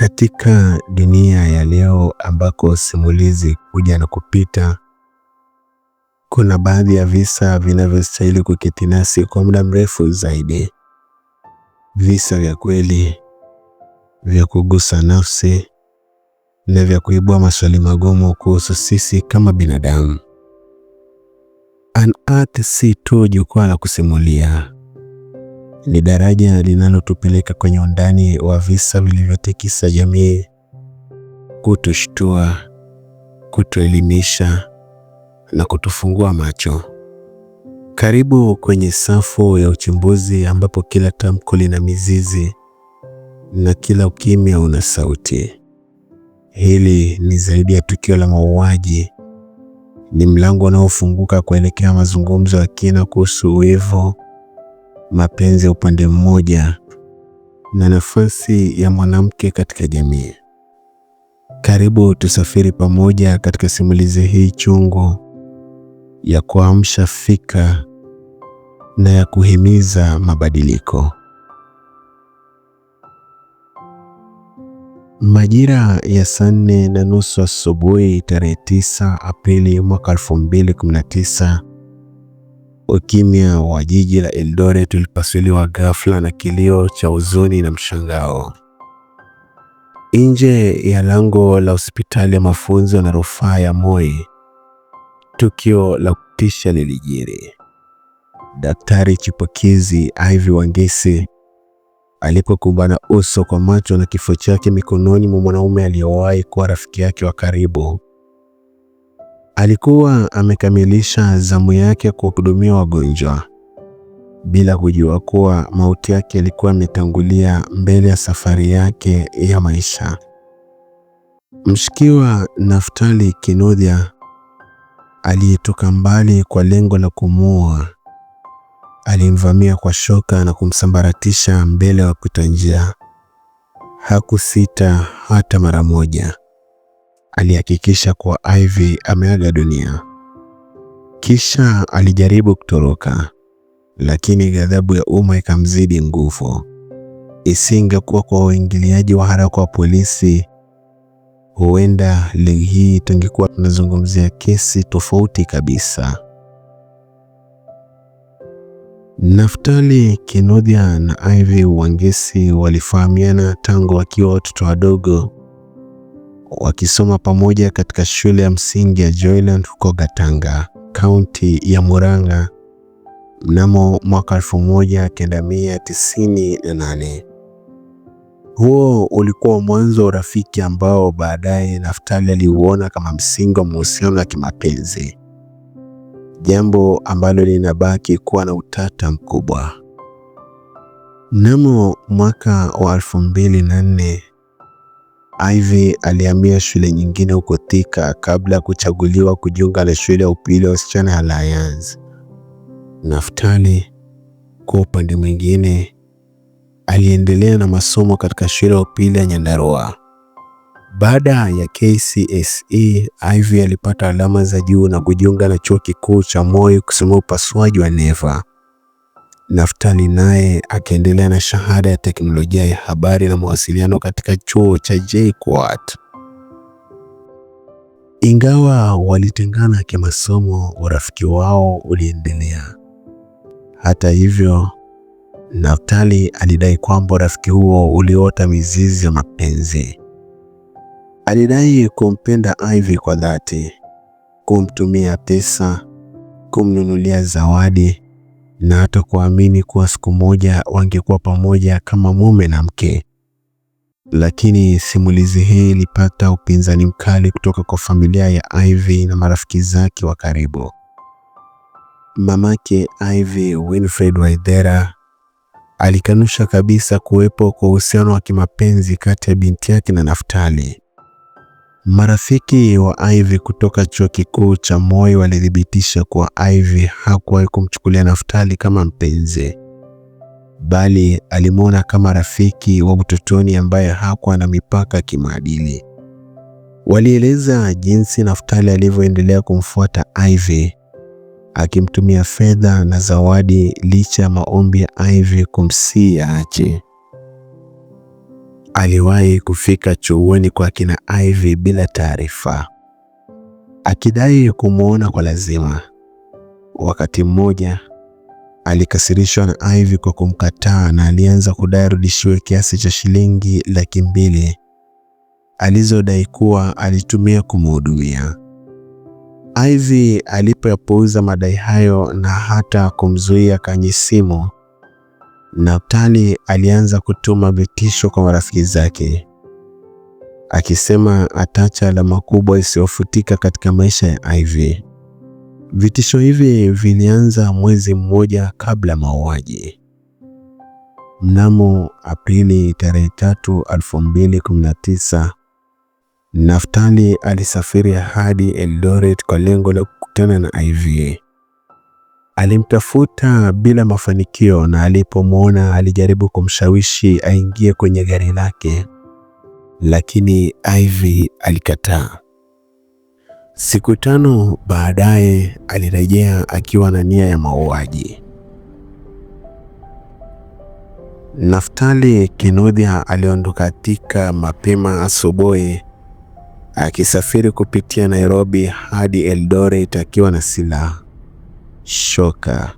Katika dunia ya leo ambako simulizi kuja na kupita, kuna baadhi ya visa vinavyostahili kuketi nasi kwa muda mrefu zaidi, visa vya kweli vya kugusa nafsi na vya kuibua maswali magumu kuhusu sisi kama binadamu. An Earth si tu jukwaa la kusimulia, ni daraja linalotupeleka kwenye undani wa visa vilivyotikisa jamii, kutushtua, kutuelimisha na kutufungua macho. Karibu kwenye safu ya uchambuzi ambapo kila tamko lina mizizi na kila ukimya una sauti. Hili ni zaidi ya tukio la mauaji, ni mlango unaofunguka kuelekea mazungumzo ya kina kuhusu wivu mapenzi ya upande mmoja na nafasi ya mwanamke katika jamii. Karibu tusafiri pamoja katika simulizi hii chungu ya kuamsha fika na ya kuhimiza mabadiliko. Majira ya saa nne na nusu asubuhi tarehe 9 Aprili mwaka 2019, Ukimya wa jiji la Eldoret ulipasuliwa ghafla na kilio cha huzuni na mshangao. Nje ya lango la hospitali ya mafunzo na rufaa ya Moi, tukio la kutisha lilijiri. Daktari chipukizi Ivy Wangeci alipokumbana uso kwa macho na kifo chake mikononi mwa mwanaume aliyewahi kuwa rafiki yake wa karibu, Alikuwa amekamilisha zamu yake kwa kuhudumia wagonjwa bila kujua kuwa mauti yake yalikuwa ametangulia mbele ya safari yake ya maisha. Mshukiwa Naftali Kinodya aliyetoka mbali kwa lengo la kumuua alimvamia kwa shoka na kumsambaratisha mbele ya wapita njia. Hakusita hata mara moja alihakikisha kuwa Ivy ameaga dunia. Kisha alijaribu kutoroka, lakini ghadhabu ya umma ikamzidi nguvu. Isingekuwa kwa uingiliaji wa haraka wa polisi, huenda leo hii tungekuwa tunazungumzia kesi tofauti kabisa. Naftali Kinuthia na Ivy Wangeci walifahamiana tangu wakiwa watoto wadogo wakisoma pamoja katika shule ya msingi ya Joyland huko Gatanga, kaunti ya Murang'a mnamo mwaka 1998. Huo ulikuwa mwanzo wa urafiki ambao baadaye Naftali aliuona kama msingi wa mahusiano ya kimapenzi, jambo ambalo linabaki kuwa na utata mkubwa. Mnamo mwaka wa 2004 Ivy alihamia shule nyingine huko Thika kabla ya kuchaguliwa kujiunga na shule ya upili ya wasichana ya Lions. Naftali kwa upande mwingine, aliendelea na masomo katika shule ya upili ya Nyandarua. Baada ya KCSE, Ivy alipata alama za juu na kujiunga na chuo kikuu cha Moi kusoma upasuaji wa neva. Naftali naye akaendelea na shahada ya teknolojia ya habari na mawasiliano katika chuo cha JKUAT. Ingawa walitengana kimasomo, urafiki wao uliendelea. Hata hivyo, Naftali alidai kwamba urafiki huo uliota mizizi ya mapenzi. Alidai kumpenda Ivy kwa dhati, kumtumia pesa, kumnunulia zawadi na hata kuamini kuwa siku moja wangekuwa pamoja kama mume na mke. Lakini simulizi hii ilipata upinzani mkali kutoka kwa familia ya Ivy na marafiki zake wa karibu. Mamake Ivy, Winfred Waithera, alikanusha kabisa kuwepo kwa uhusiano wa kimapenzi kati ya binti yake na Naftali. Marafiki wa Ivy kutoka chuo kikuu cha Moi walithibitisha kuwa Ivy hakuwahi kumchukulia Naftali kama mpenzi, bali alimwona kama rafiki wa utotoni ambaye hakuwa na mipaka kimaadili. Walieleza jinsi Naftali alivyoendelea kumfuata Ivy akimtumia fedha na zawadi licha ya maombi ya Ivy kumsihi aache aliwahi kufika chuoni kwa kina Ivy bila taarifa, akidai kumwona kwa lazima. Wakati mmoja alikasirishwa na Ivy kwa kumkataa na alianza kudai arudishiwe kiasi cha shilingi laki mbili alizodai kuwa alitumia kumhudumia. Ivy alipoyapuuza madai hayo na hata kumzuia kwenye simu, Naftali alianza kutuma vitisho kwa marafiki zake akisema atacha alama kubwa isiyofutika katika maisha ya Ivy. Vitisho hivi vilianza mwezi mmoja kabla mauaji. Mnamo Aprili tarehe 3, 2019, Naftali alisafiri hadi Eldoret kwa lengo la kukutana na Ivy. Alimtafuta bila mafanikio, na alipomwona alijaribu kumshawishi aingie kwenye gari lake, lakini Ivy alikataa. Siku tano baadaye alirejea akiwa na nia ya mauaji. Naftali Kinuthia aliondoka katika mapema asubuhi akisafiri kupitia Nairobi hadi Eldoret akiwa na silaha shoka.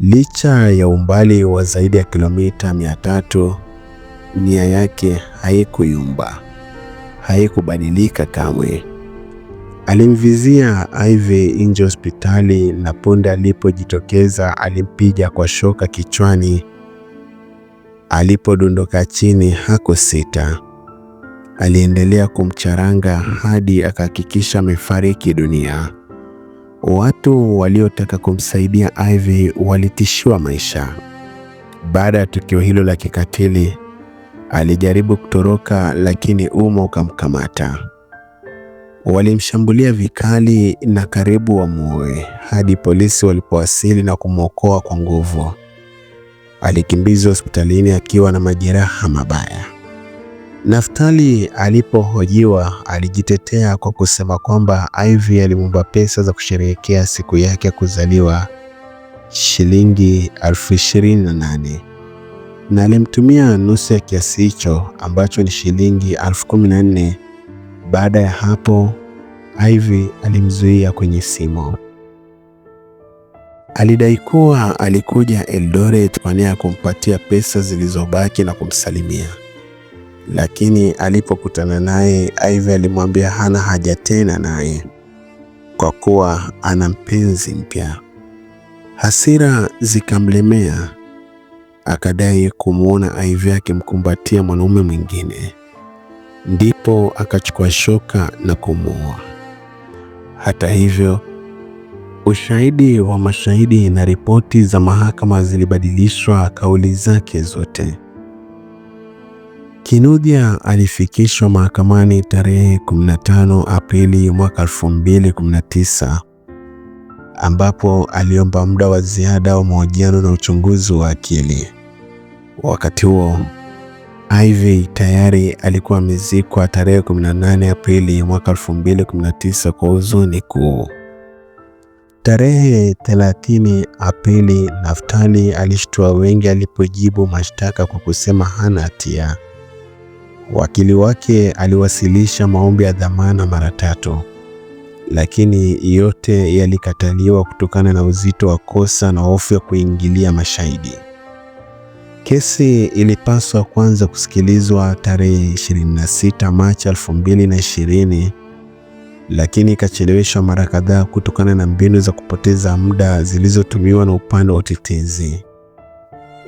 Licha ya umbali wa zaidi ya kilomita mia tatu, nia yake haikuyumba, haikubadilika kamwe. Alimvizia Ivy nje hospitali na punde alipojitokeza alimpiga kwa shoka kichwani. Alipodondoka chini hakusita, aliendelea kumcharanga hadi akahakikisha amefariki dunia. Watu waliotaka kumsaidia Ivy walitishiwa maisha. Baada ya tukio hilo la kikatili, alijaribu kutoroka lakini umo ukamkamata. Walimshambulia vikali na karibu wamuue, hadi polisi walipowasili na kumwokoa kwa nguvu. Alikimbizwa hospitalini akiwa na majeraha mabaya. Naftali alipohojiwa alijitetea kwa kusema kwamba Ivy alimwomba pesa za kusherehekea siku yake ya kuzaliwa shilingi elfu ishirini na nane na alimtumia nusu ya kiasi hicho ambacho ni shilingi elfu kumi na nne. Baada ya hapo, Ivy alimzuia kwenye simu. Alidai kuwa alikuja Eldoret kwa nia ya kumpatia pesa zilizobaki na kumsalimia lakini alipokutana naye Ivy alimwambia hana haja tena naye kwa kuwa ana mpenzi mpya. Hasira zikamlemea, akadai kumwona Ivy akimkumbatia mwanaume mwingine, ndipo akachukua shoka na kumuua. Hata hivyo, ushahidi wa mashahidi na ripoti za mahakama zilibadilishwa kauli zake zote. Kinuthia alifikishwa mahakamani tarehe 15 Aprili mwaka 2019 ambapo aliomba muda wa ziada wa mahojiano na uchunguzi wa akili. Wakati huo Ivy tayari alikuwa amezikwa tarehe 18 Aprili mwaka 2019 kwa huzuni kuu. Tarehe 30 Aprili, Naftali alishtua wengi alipojibu mashtaka kwa kusema hana hatia. Wakili wake aliwasilisha maombi ya dhamana mara tatu, lakini yote yalikataliwa kutokana na uzito wa kosa na hofu ya kuingilia mashahidi. Kesi ilipaswa kwanza kusikilizwa tarehe 26 Machi 2020, lakini ikacheleweshwa mara kadhaa kutokana na mbinu za kupoteza muda zilizotumiwa na upande wa utetezi.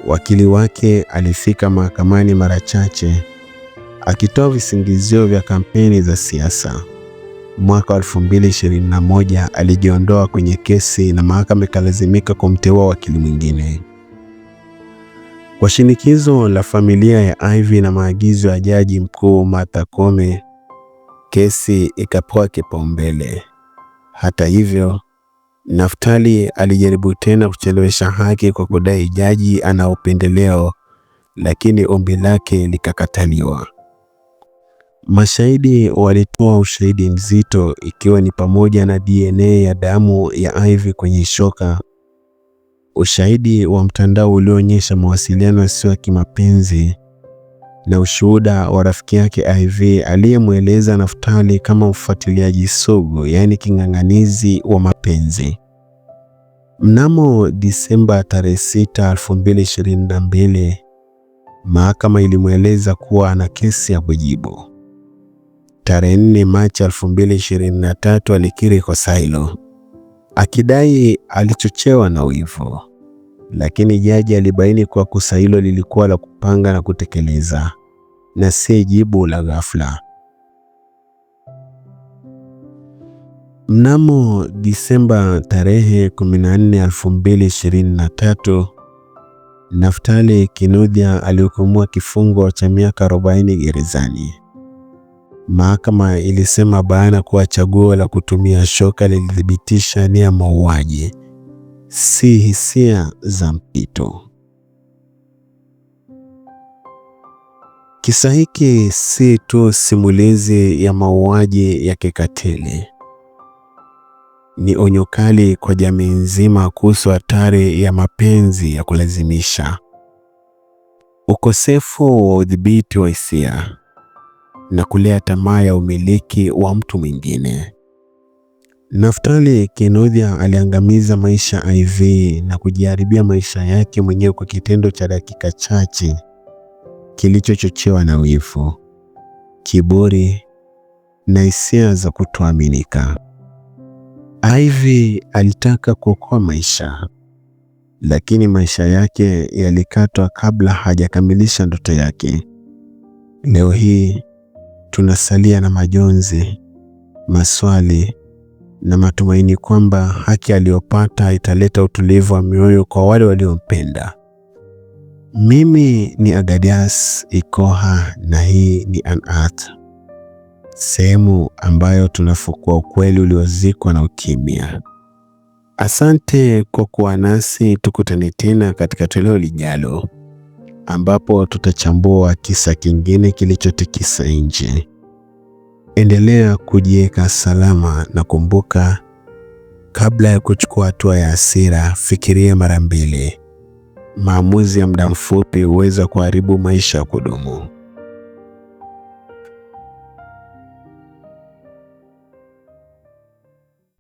Wakili wake alifika mahakamani mara chache akitoa visingizio vya kampeni za siasa. Mwaka 2021 alijiondoa kwenye kesi na mahakama ikalazimika kumteua wakili mwingine. Kwa shinikizo la familia ya Ivy na maagizo ya Jaji Mkuu Martha Koome, kesi ikapoa kipaumbele. Hata hivyo, Naftali alijaribu tena kuchelewesha haki kwa kudai jaji ana upendeleo, lakini ombi lake likakataliwa. Mashahidi walitoa ushahidi mzito ikiwa ni pamoja na DNA ya damu ya Ivy kwenye shoka, ushahidi wa mtandao ulioonyesha mawasiliano yasiyo ya kimapenzi na ushuhuda wa rafiki yake Ivy aliyemweleza Naftali kama mfuatiliaji sugu, yaani king'ang'anizi wa mapenzi. Mnamo Disemba tarehe 6, 2022, mahakama ilimweleza kuwa ana kesi ya kujibu tarehe 4 Machi 2023 alikiri kosa hilo akidai alichochewa na wivu, lakini jaji alibaini kuwa kosa hilo lilikuwa la kupanga na kutekeleza na si jibu la ghafla. Mnamo Disemba tarehe 14, 2023 Naftali kinudia alihukumiwa kifungo cha miaka 40 gerezani Mahakama ilisema bayana kuwa chaguo la kutumia shoka lilithibitisha nia ya mauaji, si hisia za mpito. Kisa hiki si tu simulizi ya mauaji ya kikatili, ni onyo kali kwa jamii nzima kuhusu hatari ya mapenzi ya kulazimisha, ukosefu wa udhibiti wa hisia na kulea tamaa ya umiliki wa mtu mwingine. Naftali Kinuthia aliangamiza maisha Iv na kujiharibia maisha yake mwenyewe kwa kitendo cha dakika chache kilichochochewa na wivu, kiburi na hisia za kutoaminika. Iv alitaka kuokoa maisha, lakini maisha yake yalikatwa kabla hajakamilisha ndoto yake. Leo hii tunasalia na majonzi, maswali na matumaini kwamba haki aliyopata italeta utulivu wa mioyo kwa wale waliompenda. Mimi ni Agadias Ikoha na hii ni Unearthed, sehemu ambayo tunafukua ukweli uliozikwa na ukimya. Asante kwa kuwa nasi, tukutane tena katika toleo lijalo ambapo tutachambua kisa kingine kilichotikisa nchi. Endelea kujiweka salama na kumbuka, kabla ya kuchukua hatua ya hasira, fikiria mara mbili. Maamuzi ya muda mfupi huweza kuharibu maisha ya kudumu.